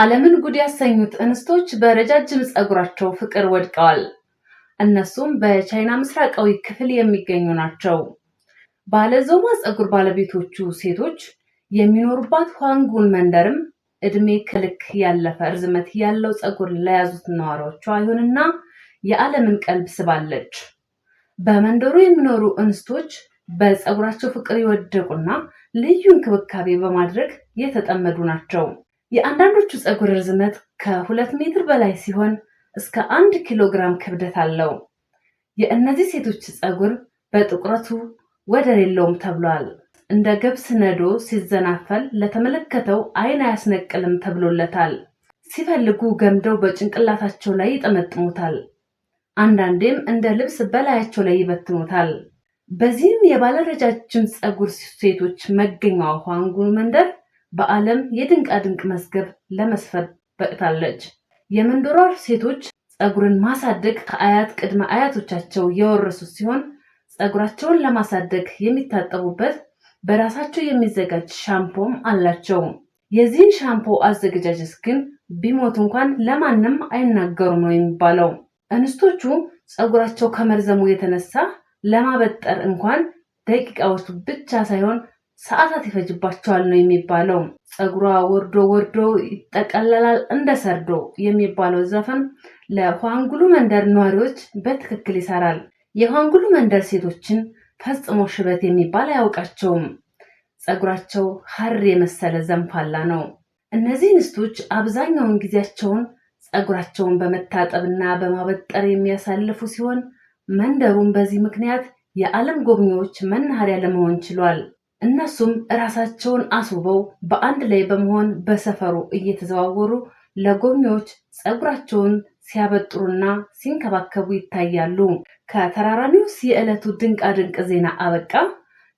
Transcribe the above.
ዓለምን ጉድ ያሰኙት እንስቶች በረጃጅም ጸጉራቸው ፍቅር ወድቀዋል። እነሱም በቻይና ምስራቃዊ ክፍል የሚገኙ ናቸው። ባለዞማ ጸጉር ባለቤቶቹ ሴቶች የሚኖሩባት ኳንጉን መንደርም እድሜ ከልክ ያለፈ ርዝመት ያለው ጸጉር ለያዙት ነዋሪዎቿ ይሁንና የዓለምን ቀልብ ስባለች። በመንደሩ የሚኖሩ እንስቶች በጸጉራቸው ፍቅር የወደቁና ልዩ እንክብካቤ በማድረግ የተጠመዱ ናቸው። የአንዳንዶቹ ፀጉር ርዝመት ከሁለት ሜትር በላይ ሲሆን እስከ አንድ ኪሎ ግራም ክብደት አለው። የእነዚህ ሴቶች ፀጉር በጥቁረቱ ወደር የለውም ተብሏል። እንደ ገብስ ነዶ ሲዘናፈል ለተመለከተው አይን አያስነቅልም ተብሎለታል። ሲፈልጉ ገምደው በጭንቅላታቸው ላይ ይጠመጥሙታል። አንዳንዴም እንደ ልብስ በላያቸው ላይ ይበትኑታል። በዚህም የባለ ረጃጅም ፀጉር ሴቶች መገኛዋ ኋንጉ መንደር በዓለም የድንቃድንቅ መዝገብ ለመስፈር በቅታለች። የመንዶራር ሴቶች ፀጉርን ማሳደግ ከአያት ቅድመ አያቶቻቸው የወረሱት ሲሆን ፀጉራቸውን ለማሳደግ የሚታጠቡበት በራሳቸው የሚዘጋጅ ሻምፖም አላቸው። የዚህን ሻምፖ አዘገጃጀት ግን ቢሞት እንኳን ለማንም አይናገሩም ነው የሚባለው። እንስቶቹ ፀጉራቸው ከመርዘሙ የተነሳ ለማበጠር እንኳን ደቂቃዎቹ ብቻ ሳይሆን ሰዓታት ይፈጅባቸዋል ነው የሚባለው። ጸጉሯ ወርዶ ወርዶ ይጠቀለላል እንደ ሰርዶ የሚባለው ዘፈን ለኋንጉሉ መንደር ነዋሪዎች በትክክል ይሰራል። የኋንጉሉ መንደር ሴቶችን ፈጽሞ ሽበት የሚባል አያውቃቸውም። ጸጉራቸው ሐር የመሰለ ዘንፋላ ነው። እነዚህ ንስቶች አብዛኛውን ጊዜያቸውን ጸጉራቸውን በመታጠብና በማበጠር የሚያሳልፉ ሲሆን መንደሩን በዚህ ምክንያት የዓለም ጎብኚዎች መናኸሪያ ለመሆን ችሏል። እነሱም እራሳቸውን አስውበው በአንድ ላይ በመሆን በሰፈሩ እየተዘዋወሩ ለጎብኚዎች ጸጉራቸውን ሲያበጥሩና ሲንከባከቡ ይታያሉ። ከተራራ ኒውስ የዕለቱ ድንቃድንቅ ዜና አበቃ።